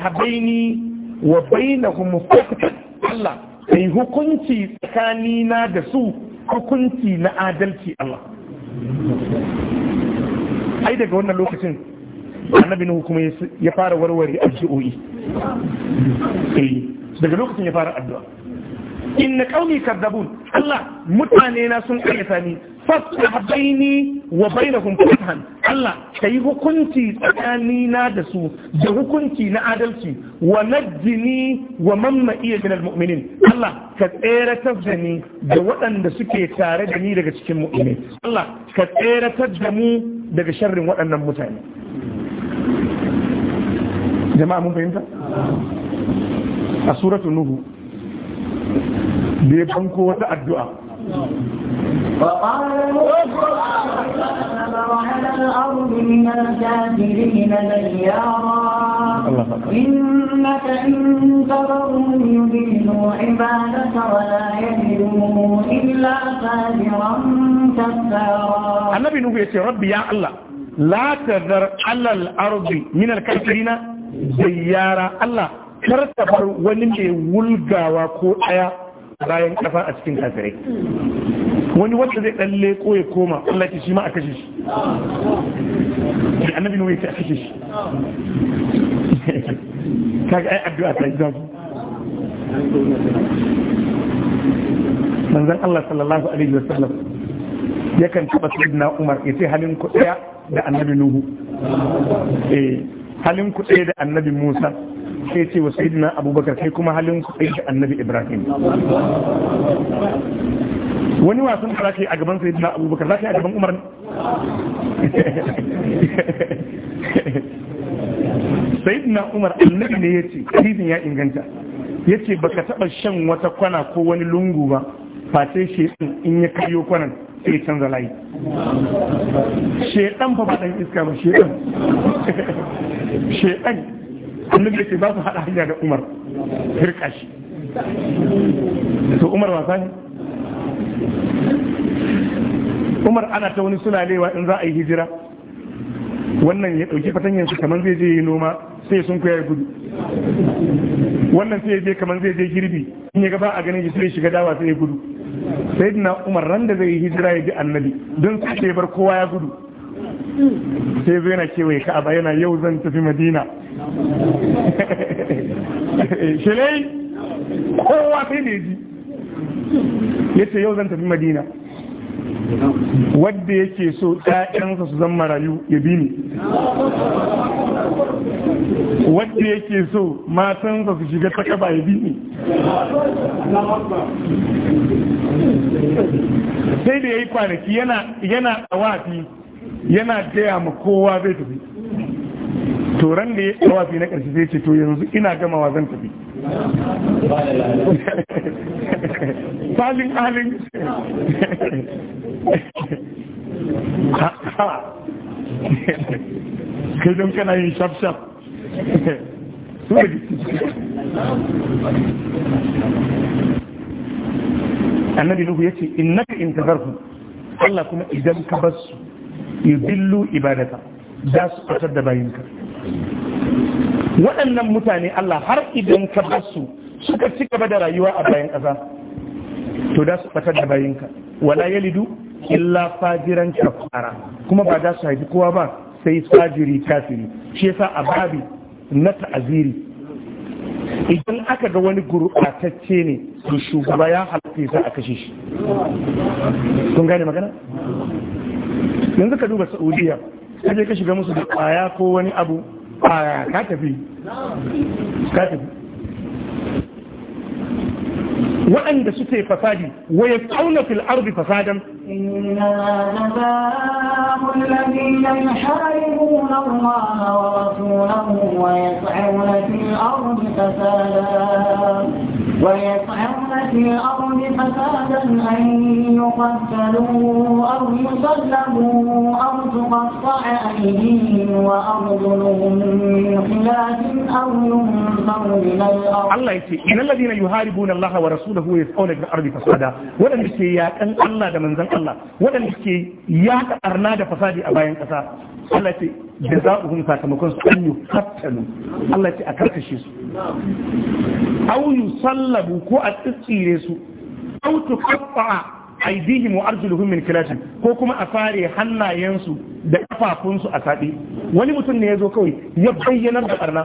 habaini wa baina faqat Allah kai hukunci tsakanina da su hukunci na adalci Allah ai daga wannan lokacin annabi nuhu kuma ya fara warware addu'o'i eh daga lokacin ya fara addu'a inna qaumi kadzabun Allah mutane na sun ayyata ni fassah baini wa bainahum fathan Allah kai hukunci na da su da hukunci na adalci wa najjini wa man ma'iya min almu'minin Allah ka tsere da ni da waɗanda suke tare da ni daga cikin mu'mini Allah ka tsere da mu daga sharrin waɗannan mutane jama'a mun fahimta a suratu nuhu da ya banko wata addu'a وقالوا على الأرض من الكافرين ديارا إنك إن تذرهم يضلوا عبادك ولا يجدوا إلا فاجرا كفارا النبي نوح يقول ربي يا الله لا تذر على الأرض من الكافرين ديارا الله karkabar wani mai wulgawa ko ɗaya bayan kafa a cikin kafirai wani wanda zai dan leko ya koma Allah ya shi ma a kashe shi da annabi ne ya kashe shi kaga ai addu'a ta zafi manzon Allah sallallahu alaihi wasallam yakan taba sayyidina Umar yace halin ku daya da annabi Nuhu eh halin ku daya da annabi Musa sai ce wa sayyidina Abubakar kai kuma halin ku daya da annabi Ibrahim wani wasan da zaka yi a gaban sai na abubakar zaka yi a gaban umar sai na umar annabi ne ya ce hadisin ya inganta ya ce baka taba shan wata kwana ko wani lungu ba face shi in ya kayo kwanan sai canza layi shedan fa ba dan iska ba shedan shedan annabi ya ce ba su hada hanya da umar firka shi to umar wasa ne umar ana ta wani sulalewa in za a yi hijira wannan ya ɗauki fatanyan su kamar zai je yi noma sai sun kuya ya gudu wannan sai ya je kamar zai je girbi in ya gaba a ganin sai ya shiga dawa sai ya gudu sai na umar ran da zai yi hijira ya bi annabi don su ce bar kowa ya gudu sai zai na kewaye ka'aba yana yau zan tafi madina shilai kowa sai ne ji ya ce yau zan tafi madina wadda yake so ɗayansa su zan marayu ya bi ni wadda yake so matansa su shiga ta kaba ya bi ni sai da ya yi kwanaki yana tsawafi yana gaya ma kowa zai tafi turan da ya tsawafi na ƙarshe zai ce to yanzu ina gamawa zan tafi salin alin kai don kana yin shaf-shaf annabi nuhu ya ce innaka in tazarhu Allah kuma idan ka basu, su yubillu ibadata za su fitar da bayinka waɗannan mutane Allah har idan ka basu suka ci gaba da rayuwa a bayan ƙasa to da su fatar da bayinka wala yalidu illa fajiran kafara kuma ba za su haifi kowa ba sai fajiri kafiri shi yasa a babi na ta'aziri idan aka ga wani gurɓatacce ne to shugaba ya halatta za a kashe shi kun gane magana yanzu ka duba saudiya kaje ka shiga musu da kwaya ko wani abu ka ka tafi waɗanda suke fasadi wa ya kauna fil ardi fasadan inna فسادا أن يقتلوا أو يصلبوا أو تقطع أيديهم وأرجلهم من خلاف أو ينفوا من الأرض إن الذين يهاربون الله ورسوله ويسعون في الأرض فسادا ولن يسي يا أن الله دا منزل الله ولن يسي يا أرناد فسادي أباين كسا الله يسي جزاؤهم ساكمكم أن يقتلوا الله يسي أكرتشيس أو يصلبوا yusallabu ko aw tuqatta aydihim wa arjuluhum min khilaf ko kuma a fare hannayensu da kafafunsu a sabe wani mutum ne yazo kawai ya bayyanar da barna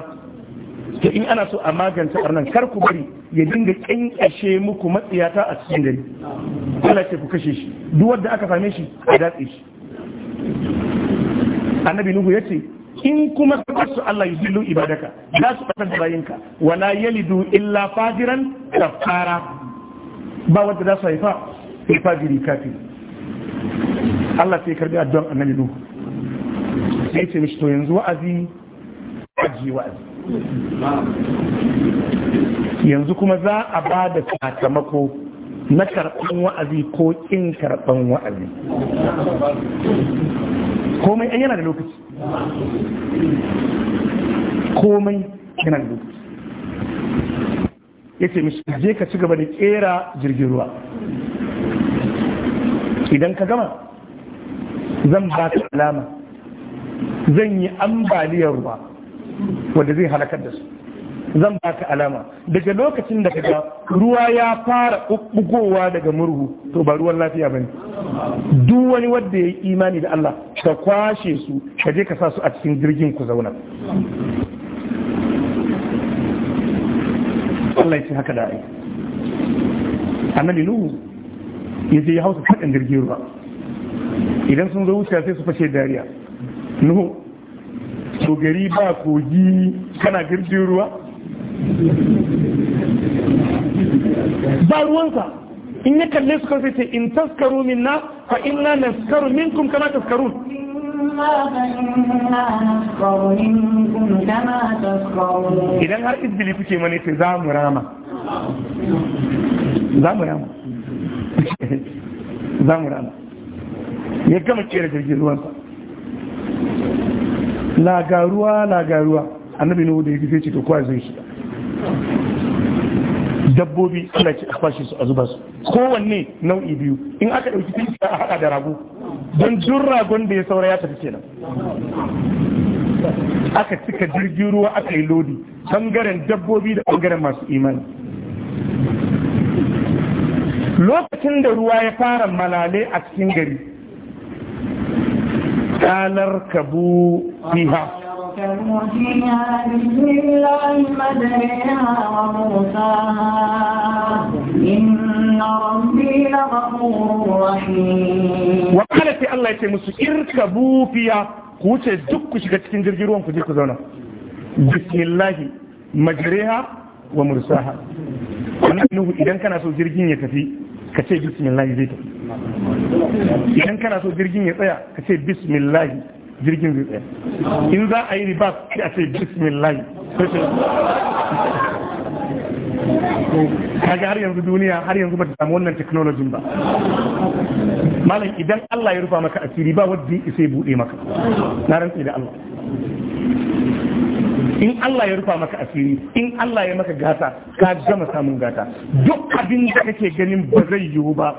to in ana so a magance barnan kar ku bari ya dinga kinkashe muku matsiyata a cikin gari Allah ce ku kashe shi duk wanda aka same shi a datse shi annabi nuhu yace in kuma ka su Allah yuzillu ibadaka za su fatar da bayinka wala yalidu illa fajiran kafara ba wadda za su haifa haifa fajiri kafin Allah sai karbi addu'an annabi nuhu sai ce mishi to yanzu wa'azi aji wa'azi yanzu kuma za a ba da sakamako na karɓan wa'azi ko in karɓan wa'azi komai ɗan yana da lokaci komai yana da lokaci ya ce mishi je ka ci gaba da kera jirgin ruwa idan ka gama zan ba ka alama zan yi ambaliyar ruwa wanda zai halakar da su zan ba ka alama daga lokacin da ka ruwa ya fara ɓuɓɓugowa daga murhu to ba ruwan lafiya ba ne duk wani wanda ya yi imani da Allah ka kwashe su ka je ka sa su a cikin jirgin ku zauna Allah ya ce haka da ai annabi nuhu ya ce ya hausa sakan jirgin ruwa idan sun zo wuce sai su fashe dariya nuhu to gari ba kogi kana jirgin ruwa ba ruwansa in ya kalle su kan sai ce in taskaru minna fa inna naskaru minkum kama taskarun idan har izbili kuke mani sai za mu rama za mu rama za mu rama ya gama kera jirgin ruwansa lagaruwa lagaruwa annabi nuhu da ya fi fece to kwa zai shiga dabbobi ana ce a a zuba su kowanne nau'i biyu in aka ɗauki tinkiya a haɗa da rago don jin ragon da ya saura ya tafi kenan aka cika jirgin ruwa aka yi lodi ɓangaren dabbobi da ɓangaren masu imani lokacin da ruwa ya fara malale a cikin gari kalar kabu fiha وكانوا فيها بسم الله مجريها ومرساها إن ربي لغفور رحيم وقالت الله يتمس اركبوا فيها كوتش ku شكت بسم الله مجريها ومرساها idan kana so jirgin ya tafi ka ce bismillah zai tafi idan kana so jirgin ya tsaya ka ce bismillah jirgin zai in za a yi riba sai a ce bismillah kaga har yanzu duniya har yanzu bata samu wannan technology ba malam idan Allah ya rufa maka asiri ba wadda ya isa bude maka na rantsi da Allah in Allah ya rufa maka asiri in Allah ya maka gata ka gama samun gata duk abin da kake ganin ba zai yiwu ba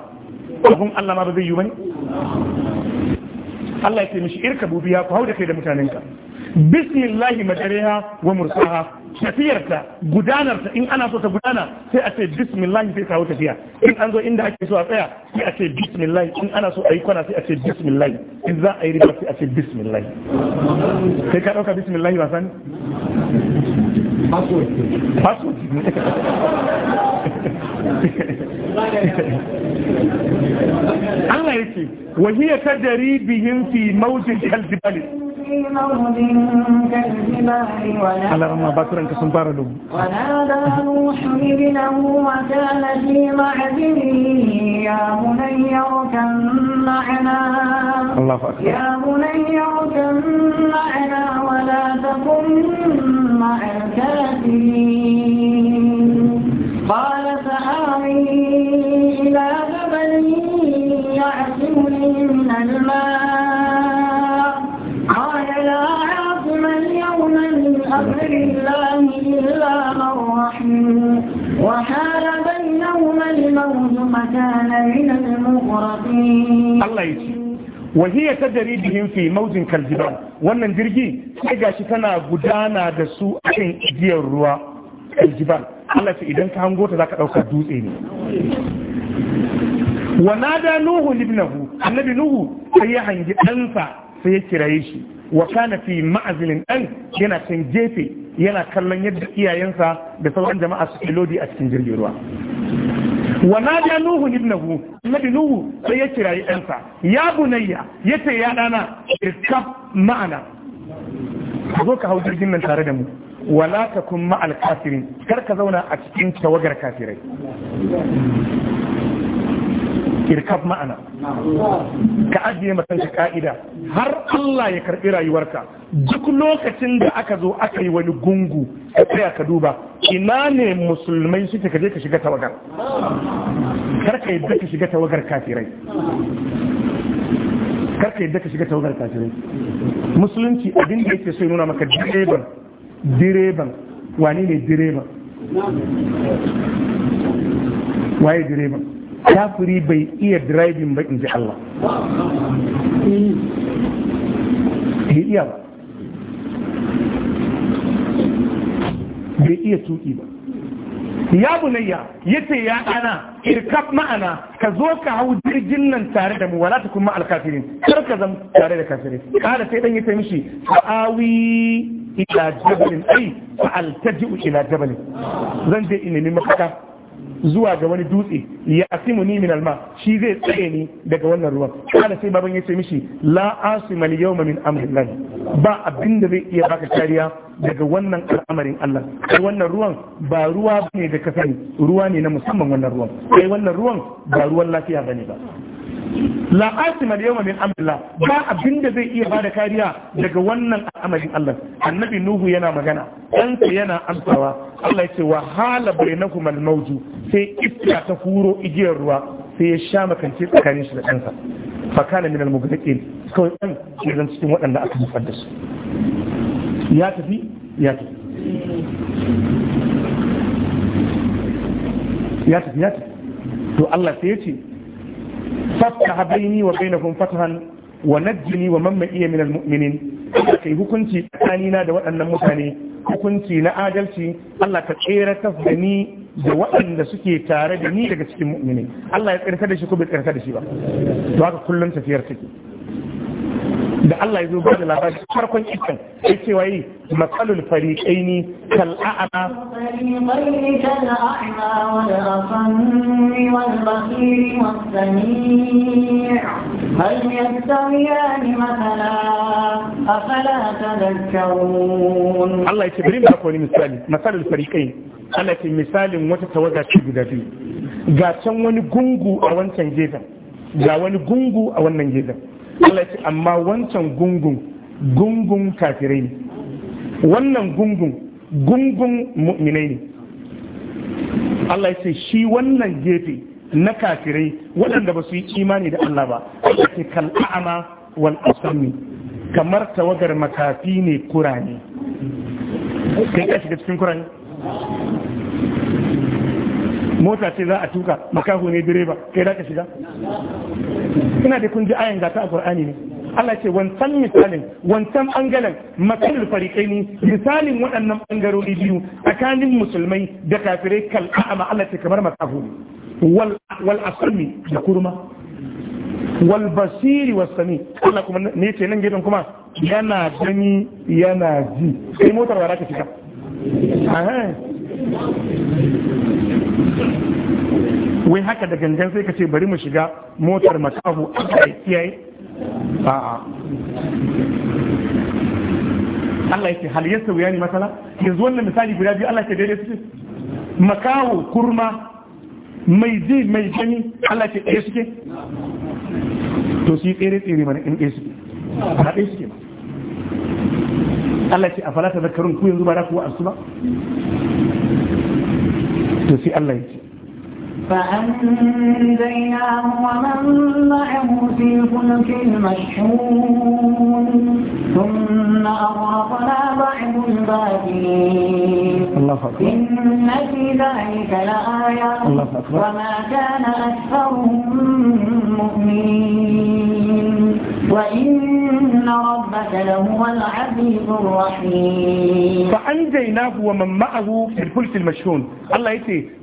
abun Allah ma ba zai yiwu bane Allah ya ce mishi irka bubiya ku hau da kai da mutanenka bismillahi majariha wa mursaha tafiyarta gudanarta in ana so ta gudana sai a ce bismillahi sai kawo tafiya in an zo inda ake so a tsaya sai a ce bismillahi in ana so a yi kwana sai a ce bismillahi in za a yi riba sai a ce bismillahi sai ka ɗauka bismillahi wasa ne Allah ya ce وهي تجري بهم في موج كالجبال على رمى باكرا كسنطار لهم ونادى نوح ابنه وكان في معزل يا بني اركم معنا الله أكبر يا بني اركم معنا ولا تكن مع الكافرين الماء قال لا عاصم اليوم من أمر الله إلا من رحمه وحال بينهما الموت من المغرقين وهي بهم في موج كالجبال wannan jirgi sai shi tana gudana da su a kan igiyar ruwa aljibal Allah ce idan ka hango ta za ka dauka dutse ne wa nada nuhu libnahu annabi nuhu sai ya hangi ɗansa sai ya kiraye shi wa kana fi ma'azilin ɗan yana can jefe yana kallon yadda iyayensa da sauran jama'a suke lodi a cikin jirgin ruwa wa nada nuhu ibnahu annabi nuhu sai ya kiraye ɗansa ya bunayya yace ya dana irkab ma'ana zo ka hau jirgin nan tare da mu wala takun ma'al kafirin kar ka zauna a cikin tawagar kafirai irkaf ma'ana ka ajiye makanka ka'ida har Allah ya karɓi rayuwarka duk lokacin da aka zo aka yi wani gungu ka tsaya ka duba ina ne musulmai suke kaje ka shiga tawagar karka yadda ka shiga tawagar kafirai karka yadda ka shiga tawagar kafirai musulunci abin da yake so nuna maka direban direban wani ne direban waye direban kafiri bai iya driving ba in ji Allah bai iya ba bai iya tuki ba ya bunayya ya ce ya ana irkab ma'ana ka zo ka hau jirgin nan tare da mu wala ta kuma alkafirin kar ka zama tare da kafirin kada sai dan yace mishi fa'awi ila jabalin ai fa'altaji'u ila jabalin zan je in nemi mafaka zuwa ga wani dutse ya asimu ni min alma shi zai tsaye ni daga wannan ruwan kana sai baban ya ce mishi la asima li yawma min amrillah ba abin da zai iya baka kariya daga wannan al'amarin Allah kai wannan ruwan ba ruwa bane da kasani ruwa ne na musamman wannan ruwan kai wannan ruwan ba ruwan lafiya bane ba la asima al yawma min amrillah ba abinda zai iya bada kariya daga wannan al'amarin Allah annabi nuhu yana magana ɗansa yana amsawa Allah ya ce wa hala bainakum al mawju sai iska ta huro igiyar ruwa sai ya sha makance tsakanin shi da ɗansa fa kana min al mughriqin kawai ɗan ke zan cikin waɗanda aka jefar da su ya tafi ya tafi ya tafi ya tafi to Allah sai ya ce fattaha baini wa bainahum fatahan wa najjini wa man ma'iya min almu'minin kai hukunci tsakanina da waɗannan mutane hukunci na adalci Allah ka tsere ta da ni da waɗanda suke tare da ni daga cikin mu'minin Allah ya tsirka da shi ko bai tsirka da shi ba to haka kullum tafiyar take da Allah ya zo ba da labari farkon ikan sai cewa yi matsalul fariƙaini kal'a'ana هل يستويان مثلا أفلا تذكرون الله يتبرين أقول مثالي مثال الفريقين أنا في مثال وتتوزع كبدا فيه ga can wani gungu a wancan gefen ga wani gungu a wannan gefen Allah ce amma wancan gungun gungun kafirai ne wannan gungun gungun mu'minai ne Allah ce shi wannan gefe na kafirai waɗanda ba su yi imani da Allah ba Allah ce wal asami kamar tawagar makafi ne kurani kai ka shiga cikin kurani mota ce za a tuka makaho ne direba kai za ka shiga ina da kun ji ayan gata a qur'ani ne Allah ce wancan misalin wancan bangaren matsalar farikai misalin waɗannan bangarori biyu tsakanin musulmai da kafirai kal'a'ama Allah ce kamar makaho ne wal asami da kurma wal basiri was sami Allah kuma ne ce nan gidan kuma yana gani yana ji kai motar ba za ka shiga wai haka da gangan sai ka ce bari mu shiga motar makahu aka kiyaye a'a Allah yake hal wuya ne matsala yanzu wannan misali guda biyu Allah ke daidai suke makawo kurma mai ji mai gani Allah ke ɗaya suke to su yi tsere tsere mana in ɗaya suke ba ɗaya suke ba Allah ce a falata zakarun ku yanzu ba za ku wa'azu ba to sai Allah فأنجيناه ومن معه في الفلك المشحون ثم أغرقنا بعد الباقين إن في ذلك لآيات وما كان أكثرهم مؤمنين وإن ربك لهو العزيز الرحيم فأنجيناه ومن معه في الفلك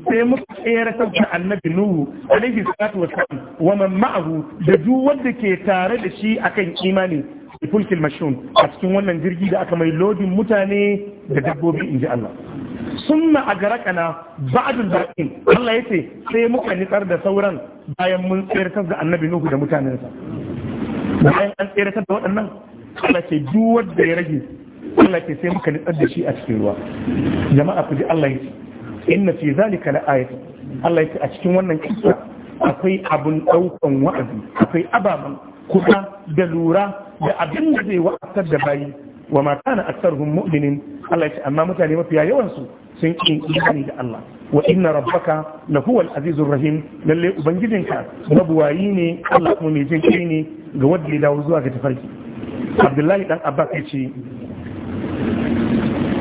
sai muka tseratar da annabi Nuhu alaihi salatu wassalam wa man da duk wanda ke tare da shi akan imani fulkil mashun a cikin wannan jirgi da aka mai lodin mutane da dabbobi in ji Allah summa a garakana ba'dul baqin Allah yace sai muka nitsar da sauran bayan mun tseratar da annabi Nuhu da mutanensa bayan an tseratar da waɗannan Allah ce duk wanda ya rage Allah ce sai muka nitsar da shi a cikin ruwa jama'a ku ji Allah ya ce inna fi zalika la ayatu Allah ya ce a cikin wannan kisa akwai abun daukan wa'azi akwai ababan kuɗa da lura da abin da zai wa'azar da bayi wa ma kana aktsaruhum mu'minin Allah ya ce amma mutane mafiya yawan su sun ƙin imani da Allah wa inna rabbaka la huwal azizur rahim lalle ubangijinka mabuwayi ne Allah kuma mai jin kai ne ga wanda ya dawo zuwa ga tafarki Abdullahi dan Abbas ya ce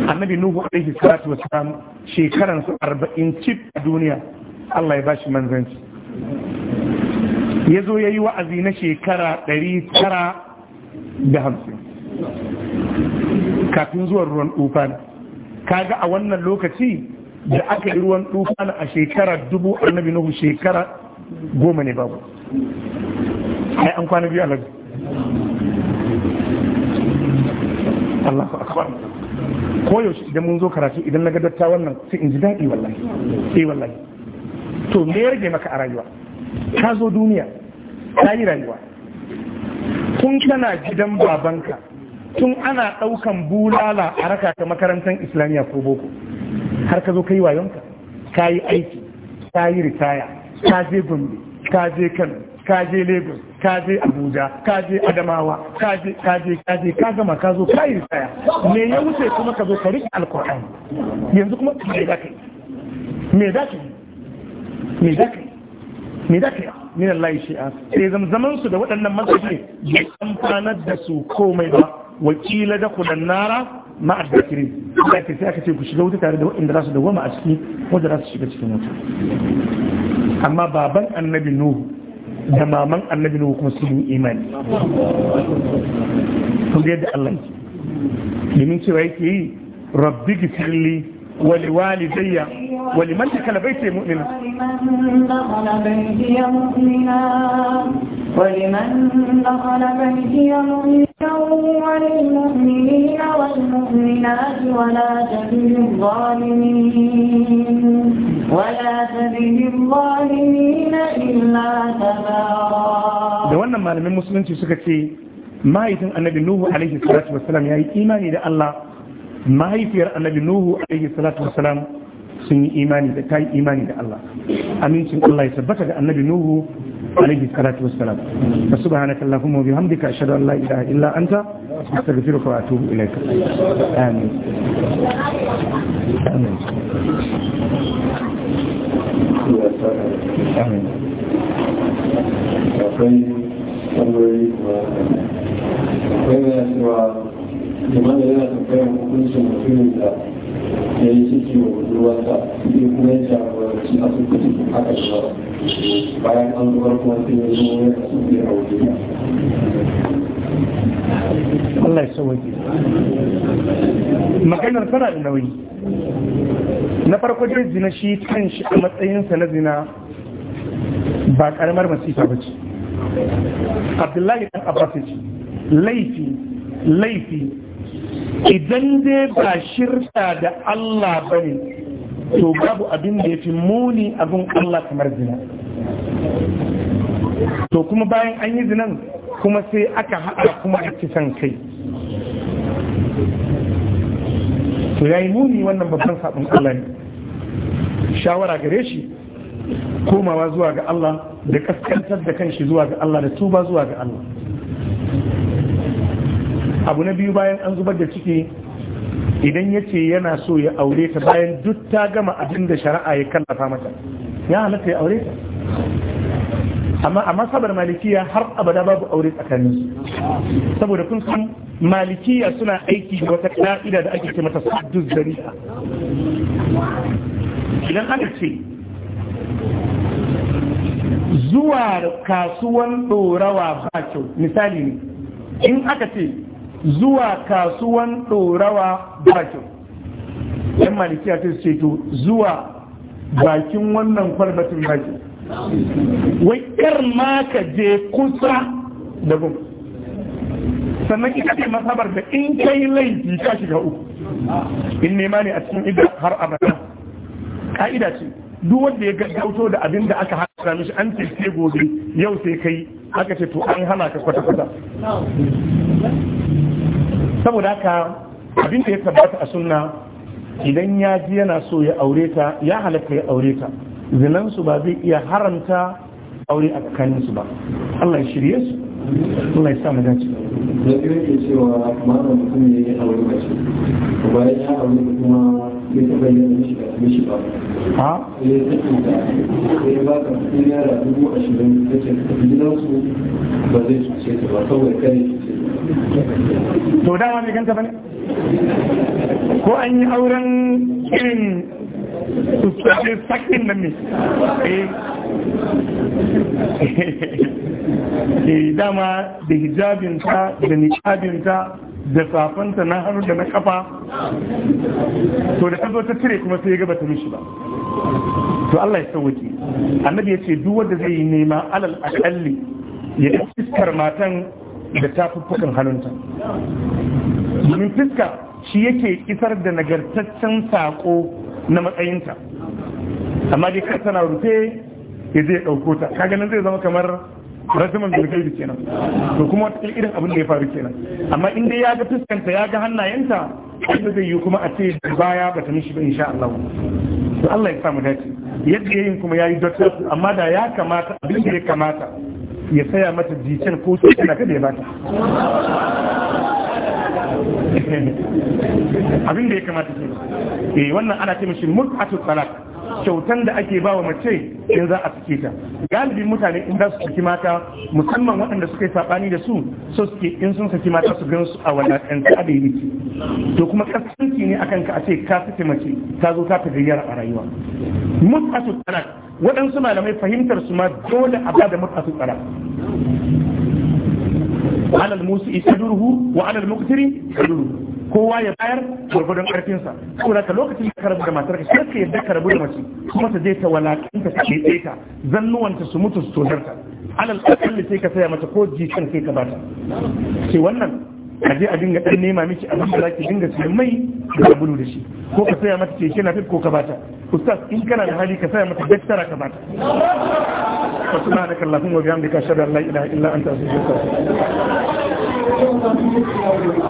Annabi Nuhu alaihi salatu wassalam shekaran su 40 cif a duniya Allah ya bashi manzanci ya zo ya yi wa'azi na shekara da hamsin. kafin zuwan ruwan ufana kaga a wannan lokaci da aka yi ruwan tufan a shekara dubu annabi nuhu shekara goma ne babu ai an kwana biyu alaji Allahu akbar ko yaushe idan mun zo karatu idan na ga datta wannan sai in ji daɗi wallahi eh wallahi to me ya rage maka a rayuwa ka zo duniya ka yi rayuwa kun kana gidan babanka tun ana ɗaukan bulala a raka ta makarantar islamiyya ko boko har ka zo ka yi wayonka ka yi aiki ka yi ritaya ka je gombe ka je kano ka je lagos ka je abuja ka je adamawa ka je ka je ka je ka gama ka zo ka yi ritaya me ya wuce kuma ka zo ka riƙe alkur'ani yanzu kuma me za ka yi me da yi me za ka yi me da ka yi min Allah shi'a sai zamzaman su da waɗannan matsayi ya amfanar da su komai ba wakila da kudan nara ma da kirin da ke sai aka ce ku shiga wuta tare da waɗanda za su dawama a ciki wanda za su shiga cikin wuta amma baban annabi nuhu da maman annabi nuhu kuma su yi imani kun da yadda Allah domin cewa yake yi rabbi gifirli ولوالدي ولمن دخل بيتي مؤمنا ولمن دخل بيتي مؤمنا ولمن دخل بيتي مؤمنا وللمؤمنين والمؤمنات ولا تزد الظالمين ولا تزد الظالمين إلا تبارا da wannan malamin musulunci suka ce ma'aikin annabi Nuhu alaihi salatu wassalam yayi imani da Allah mahaifiyar annabi nuhu alaihi salatu wasalam sun yi imani da ta imani da Allah amincin Allah ya tabbata ga annabi nuhu alaihi salatu wassalam fa subhanaka allahumma wa bihamdika ashhadu an la ilaha illa anta astaghfiruka wa atubu ilaika amin amin amin akwai tambayoyi kuma akwai yana cewa kamar da yana tambayar hukuncin mutumin da ya yi ciki wa budurwarsa sai kuma ya jagoranci asibiti haka da ba bayan an zubar kuma sai ya zo ya kasu bai aure Allah ya sauke maganar tana da nauyi na farko dai zina shi kan shi a matsayinsa na zina ba karamar masifa ba ce abdullahi dan abbas ce laifi laifi idan dai ba shirta da Allah ba ne to babu abin da ya fi muni abin Allah kamar zina to kuma bayan an yi zinan kuma sai aka haɗa kuma a san kai to ya yi muni wannan babban sabon Allah ne shawara gare shi komawa zuwa ga Allah da kaskantar da kanshi zuwa ga Allah da tuba zuwa ga Allah abu na biyu bayan an zubar da ciki idan ya ce yana so ya aure ta bayan duk ta gama abin da shari'a ya kallafa mata ya halatta ya aure ta amma a masabar malikiya har abada babu aure tsakanin saboda kun san malikiya suna aiki da wata ƙa'ida da ake ce mata saddu zari'a idan aka ce zuwa kasuwan dorawa ba kyau misali ne in aka ce zuwa kasuwan ɗorawa bakin yan malikiya ta ce to zuwa bakin wannan kwalbatin baki, wai ƙar maka je kusa da gum sannan ita ce masabar da in kai laifi ka shiga uku in nema ne a cikin idan har abada ka'ida ce duk wanda ya gaggauto da abin da aka haka mishi an ce sai gobe yau sai kai aka ce to an hana ka kwata-kwata saboda haka abin da ya tabbata a sunna idan ya ji yana so ya aure ta ya halatta ya aure ta zinansu ba zai iya haramta aure a tsakaninsu ba Allah ya shirye su Allah ya sa mu dace da yake cewa malam mutum ne ya aure mace bayan ya aure kuma ha to dama mai ganta bane ko an yi auren irin sakin nan ne eh. Eh, dama da hijabinta da niqabinta da safanta na hannu da na kafa to da kazo ta cire kuma sai ya gaba ta mishi ba to Allah ya sauke annabi ya ce duk wanda zai yi nema alal akalli ya da matan da tafuffukan hannunta domin fiska shi yake isar da nagartaccen sako na matsayinta amma dai kar tana rufe ya zai ɗauko ta kaga nan zai zama kamar rasiman bilgaibi kenan to kuma wata irin abin da ya faru kenan amma in dai ya ga fuskanta ya ga hannayenta inda zai yi kuma a ce baya ta mishi ba insha Allah to Allah ya samu dace yadda yayin kuma yayi doctor amma da ya kamata abin da ya kamata ya saya mata jicin ko su kana kada ya bata abin da ya kamata ke eh wannan ana ce mishi mul'atu salat kyautan da ake ba wa mace in za a suke ta galibin mutane in za su saki mata musamman waɗanda suka yi saɓani da su so suke in sun saki mata su gan su a wadatanci a da yi to kuma kasance ne akan ka a ce ka fita mace ta zo ta tagayyara a rayuwa mutatu tsara waɗansu malamai fahimtar su ma dole a ba da mutatu tsara alal musu isaduruhu wa alal muktiri kowa ya bayar gwargwadon karfinsa saboda ka lokacin da ka rabu da matar ka sai ka yadda ka rabu da mace kuma ta je ta walakanta ta ke ta zannuwanta su mutu su tozarta alal akalli sai ka saya mata ko jikin sai ka bata sai wannan a je a dinga dan nema miki abin da zaki dinga siyan mai da sabulu da shi ko ka saya mata keke na fit ko ka bata ustaz in kana da hali ka saya mata daktara ka bata فسبحانك اللهم وبحمدك اشهد ان لا اله الا انت استغفرك